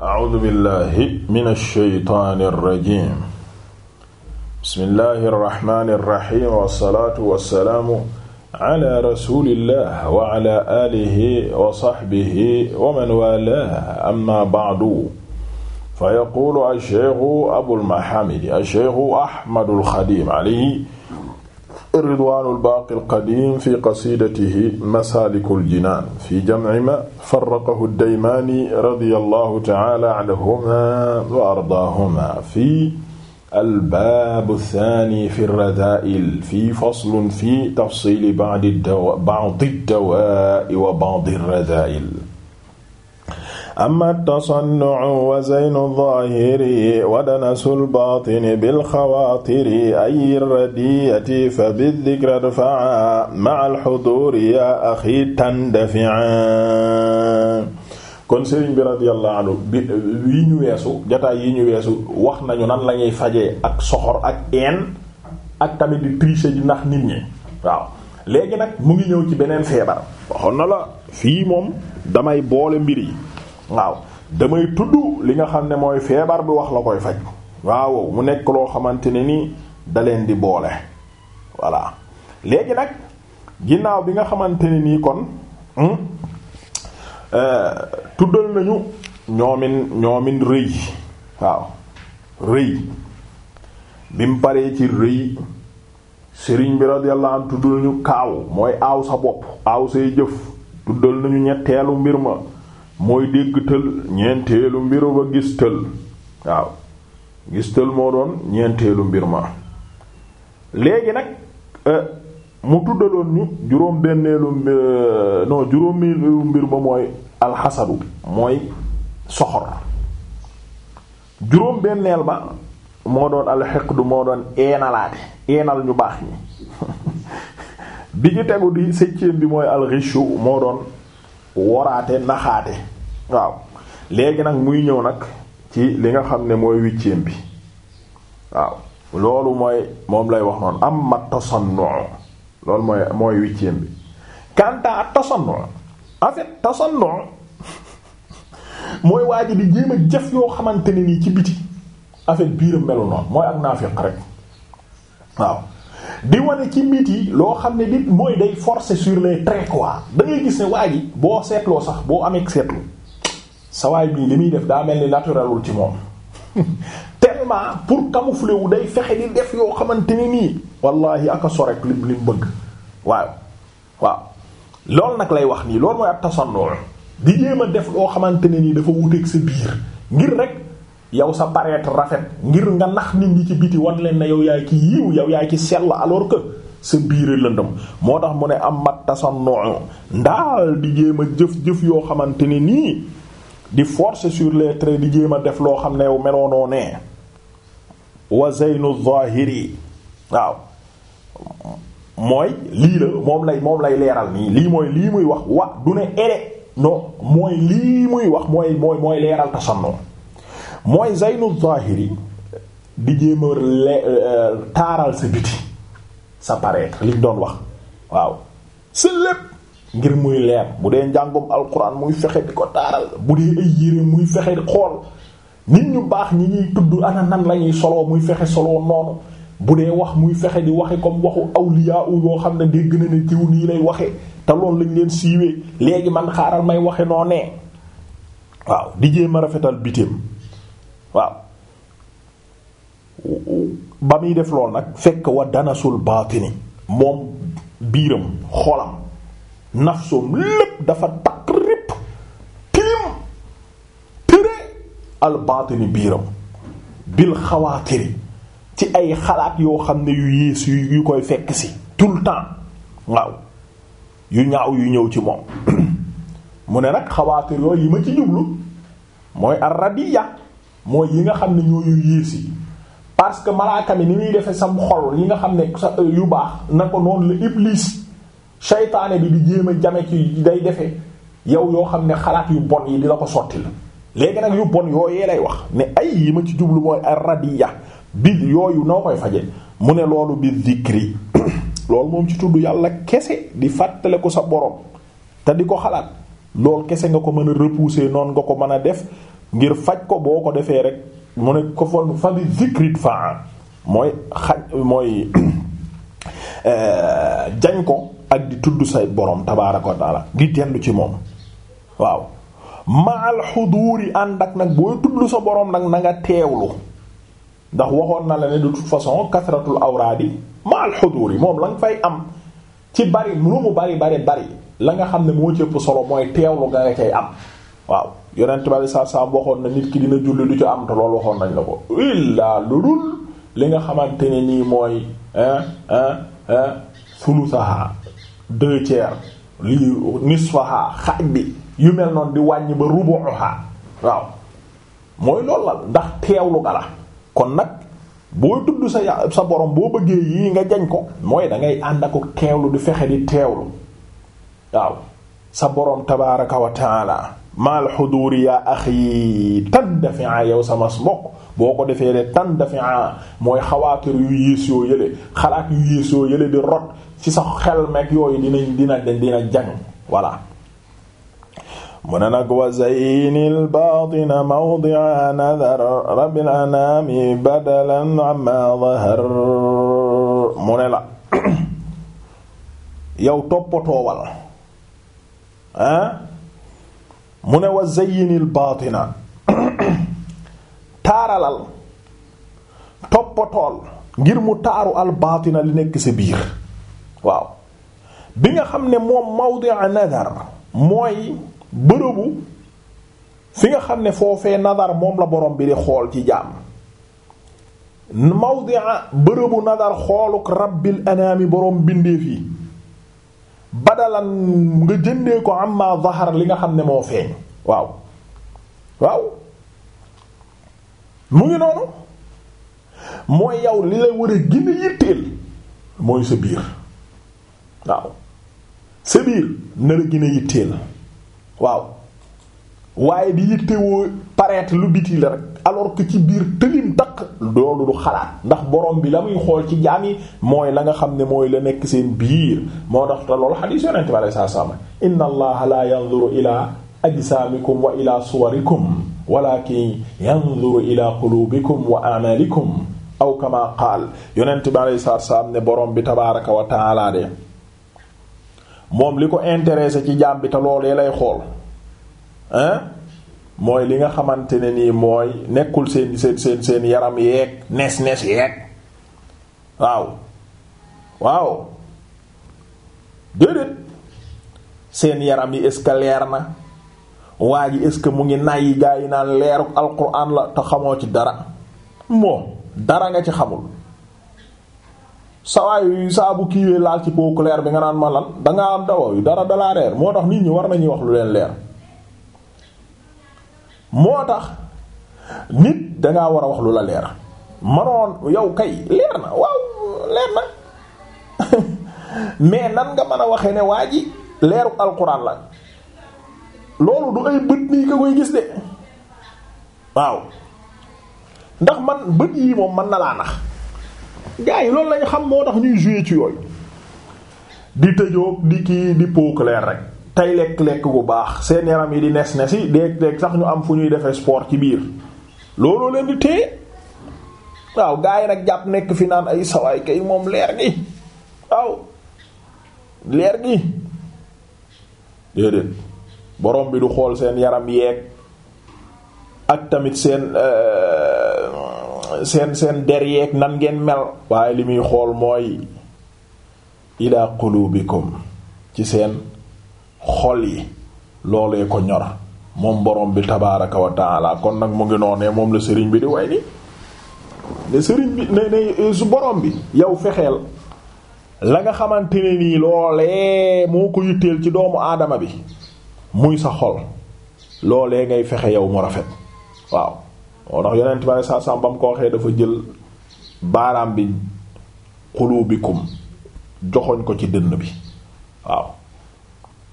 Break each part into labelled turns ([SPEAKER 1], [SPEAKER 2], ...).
[SPEAKER 1] A'uuzu billahi mina shaytaani rajiim. Bismillahi rahmaani rahiim wasalaatu wasalaamu ala rasulillah wa ala aalihi wa sahbihi wa man waalaahu amma ba'du. Fa yaquulu ash-shaykhu Abul Mahaamid ash-shaykhu Ahmadul Xadiim alayhi ridwaanul baaqil qadiim fi qasiidatihi masaalikul jinaan fi jamci maa farraqahu daymaani radiyallahu ta'aala anhumaa wa ardaahumaa fi albaabu saani fi radaa'il fi faslun fi tafsiili ba'di dawaa'i wa ba'di radaa'il am amma tasannu'u wa zaynu zaahiri wa danasul baatini bil xawaatiri ay radiyati fa bidikra dfa'a ma'al xuduuri yaa axi tandafi'a kon sëriñ bi radiyallahu anhu bi yi ñu weesu jataay yi ñu weesu wax nañu nan lañuy ñuy fajee ak soxor ak een ak tamit di tricher di nit ñi waaw léegi nag mu ngi ñëw ci beneen feebar waxoon na la fii moom damay boole mbir yi waaw damay tudd li nga xam ne mooy feebar bi wax la koy faj waaw mu nekk loo xamante ne ni da leen di boole voilà léegi nag ginnaaw bi nga xamante ne nii kon hmm, euh, tuddal nañu ñoomin ñoomin rëy waaw rëy bi mu paree ci rëy sëriñ bi radiyallahu anhu tuddal ñu kaaw mooy aaw sa bopp aaw say jëf tuddal nañu ñetteelu mbir ma mooy dégg tël ñeenteelu mbiru ba gis tël waaw gis tël moo doon ñeenteelu mbir ma léegi nag euh, mu tuddaloon ñu juróom benneelu mbir euh, non juróomeelu mbir ba mooy alxasadu mooy soxor juróom benneel ba moo doon alxiqdu moo doon eenalaate eenal ñu baax ñi bi ñu tegu di septième bi mooy alxichu moo doon woraate naxaate waaw léegi nag muy ñëw nag ci li nga xam ne mooy huitième bi waaw loolu mooy moom lay wax noonu amma tasannu loolu mooy mooy bi kanta ak tasannu en fait mooy waa ji di jéem jëf yoo xamante ne nii ci biti en fait biiram melu noonu mooy ak naafiq rek waaw di wane ci yi loo xam ne nit mooy day forcer sur les traits quoi da gis ne waa boo seetloo sax boo amee seetlu sawaay bii li muy def daa mel ni naturelul ci moom tellement pour camoufler wu day fexe di def yoo xamante ni nii wallahi aka rek lim lim bëgg waaw waaw loolu nag lay wax nii loolu mooy ak tasannu di jéem a def loo xamante ne nii dafa wuteeg sa biir ngir rek yow sa paraître rafet ngir nga nax nit ñi ci biti wan leen na yow yaay ki yiw yow yaay ki sell alors que sa biir lëndëm moo tax mu ne am mat tasannu ndaa di jéem a jëf-jëf yoo xamante ne nii di forcer sur les traits di jéem a def loo xam ne yow meloonoo nee wa zeynu zahiri waaw mooy lii la moom lay moom lay leeral nii lii mooy lii muy wax wa du ne ere non mooy lii muy wax mooy mooy mooy leeral tasannoo mooy zeynu zahiri di jéem a le euh, taaral sa biti sa paraître liñ doon wax waaw sa lépp ngir muy leer bu dee njàngum alquran muy fexe di ko taaral bu dee ay yére muy fexe xool nit ñu baax ñi ñuy tudd ana nan la ñuy soloo muy fexe solo noonu bu dee wax muy fexe di waxe comme waxu awliya u yoo xam ne dégg na ne jiw nii lay waxe te loolu lañ leen siiwee léegi man xaaral may waxe noo nee waaw di jéem a rafetal bitim waaw ba muy def lool nag fekk wa danasul baatini moom biiram xolam nafsoom lépp dafa takk ripp tiim tëre albaatini biiram bil xawaatiri ci ay xalaat yoo xam ne yu yées yu koy fekk si tout le temps waaw yu ñaaw yu ñëw ci moom mu ne nag xawaatir yooyu yi ma ci jublu mooy arradiya mooy yi nga xam ne ñoo yu yées yi parce que malaaka mi ni muy defe sam xol yi nga xam ne sa yu baax na ko noonu la iblis seytaane bi di jéem a jame ki day defe yow yoo xam ne xalaat yu bon yi di la ko sotti la léegi nag yu bon yee lay wax ne ay yi ma ci jublu mooy ar-radiya bi yooyu noo koy faje mu ne loolu bi zikri loolu moom ci tudd yàlla kese di fàttale ko sa borom te di ko xalaat loolu kese nga ko mën a repousser noonu nga ko mën a def ngir faj ko boo ko defee rek mu ne ko fa fa bi zikri fa mooy xaj mooy euh, jañ ko ak di tudd say boroom tabaaraka wa taala di tendu ci moom waaw maal xuduuri ànd ak nag booy tudd sa boroom nag na nga teewlu ndax waxoon na la ne de toute façon kasratul awraadi maal xuduuri moom la nga fay am ci bari lu mu bari bari bari la nga xam ne moo ci solo mooy teewlu nga nga cay am waaw yonent bi saa saa waxoon na nit ki dina julli du ci am te loolu waxoon nañ la ko illaa lu dul li nga xamante ne nii mooy sulusaha deux tiers lii nisfaha xaaj bi yu mel noonu di wàññi ba rubuha waaw mooy loolu la ndax teewlu gala kon nag boo tudd sa sa borom boo bëggee yii nga jañ ko mooy da ngay ànd ak teewlu di fexe di teewlu waaw sa boroom tabaaraka wa taala maal xuduuri yaa axi tandafi'a yow sama mbokk boo ko defee de tandafi'a mooy xawaatir yu yées yoo yële xalaat yu yées yoo yële di rot ci sa xel meeg yooyu dina dina jàng voilà. mu ne nag wa zaynil baatina mawdi'a nadar rabbil anaami badalan amma zahar mu ne la yow toppatoowal ah mu ne wa zayyinil baatina taaralal toppatool ngir mu taaru al li nekk sa biir waaw bi nga xam ne moom mawdi'a nadar mooy bërëbu fi nga xam ne foofee nadar moom la borom bi di xool ci jaam mawdi'a bërëbu nadar xooluk rabbil anaami borom bindee fii badalan nga jëndee ko amma zahar li nga xam ne moo feeñ waaw waaw mu ngi noonu mooy yow li la war a gën a yitteel mooy sa biir waaw sa biir na la gën a yitteel waaw waaye di yittewoo paraître lu biti la rek alors que ci biir tëlim takk loolu du xalaat ndax borom bi la muy xool ci jaam yi mooy la nga xam ne mooy la nekk seen biir moo tax te loolu xadiis yonent bi alayhi salaam inna allaha aw kama qaal yonent bi alayhi salaam ne borom bi tabaaraka wa de moom li ko intéressé ci jaam bi te loolee lay xool hein mooy li nga xamante ne nii mooy nekkul seen seet seen seen yaram yeeg nees nes yeeg waaw waaw déedéet seen yaram yi est-ce que leer na waa ji est-ce que mu ngi nay yi gaa yi naan leeru alquran la te xamoo ci dara moo dara nga ci xamul sawaay saabu kiiwee laal ci powu leer bi nga naan ma lan dangaa am dawa yu dara dalaa reer moo tax nit ñi war nañuy wax lu leen leer moo tax nit dangaa war a wax lu la leer manoon yow kay leer na waaw leer na mais nan nga mën a waxee ne waa ji leeru alxuraan la loolu du ay bët nii nga koy gis de waaw ndax man bët yii moom mën na laa nax gars yi loolu lañu xam moo tax ñuy jouer ci yooyu di tëjoog di kii di poker leer rek tey lekk-lekk bu baax seen yaram yi di nes nes yi léeg-léeg sax ñu am fu ñuy defee sport ci biir looloo leen di téye waaw gaa yi nag jàpp nekk fi naan ay sawaay kay moom leer gi waaw leer gi déedéet borom bi du xool seen yaram yeeg ak tamit seen euh, seen seen der yeeg nan ngeen mel waaye li muy xool mooy ila qulubikum ci seen xol yi loolee ko ñor moom borom bi tabaaraka wa taala kon nag mu ngi noonee moom la sëriñ bi di way ni ne sëriñ bi ne ne eh, su borom bi yow fexeel la nga xamante ne nii loolee moo ko yitteel ci doomu aadama bi muy sa xol loolee ngay fexe yow mu rafet waaw moo tax yeneen bi saa saa ba mu ko waxee dafa jël baaraam bi xuluubikum joxoñ ko ci dënn bi waaw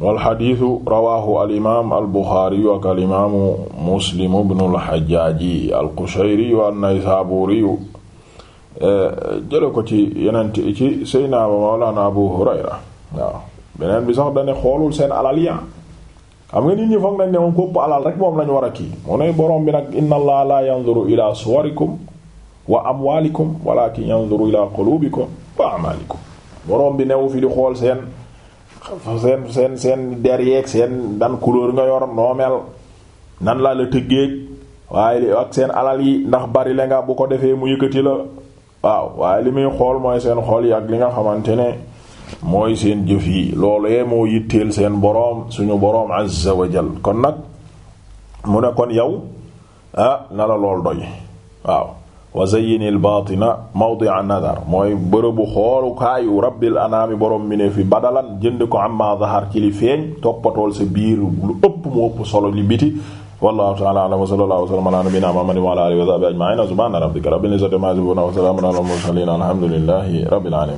[SPEAKER 1] walxadisu rawahu alimam albuxaariyu ak alimaamu muslimu bnu lxajaaji alqushayriyu annaysaabuuriyu jële ko ci yeneen ci seyna abu hurayra beneen bi sax dane xoolul seen alal ya xam nga nit ñi foog nañ ne moom kopp alal rek moom lañ war a kii mu ne borom bi nag inna allaha la yanzuru ila suwarikum wa amwalikum walakin yanzuru ila qulubikum wa amalikum borom bi newu fi di xool seen seen seen seen der yeeg seen dan couleur nga yor noo mel nan laa la tëggeeg waaye ak seen alal yi ndax bari la nga bu ko defee mu yëkkati la waaw waaye li muy xool mooy seen xool yi ak li nga xamante ne mooy seen jëf yi loolee moo yitteel seen boroom suñu boroom azza wa jal kon nag mu ne kon yow ah na la lool doy waaw wa zayyinil baatina mawdi'a nadar mooy bërëbu xoolukaayu rabbil anaami borom mi ne fi badalan jënd ko amma zahar ci li feeñ toppatool sa biir lu ëpp mu ëpp solo li biti wallahu ta'ala a'lam wa sallallahu wa sallama ala nabiyyina muhammadin wa ala alihi wa sahbihi ajma'in subhana rabbika rabbil izzati amma yasifun wa salamun ala al mursalin alhamdulillahi rabbil alamin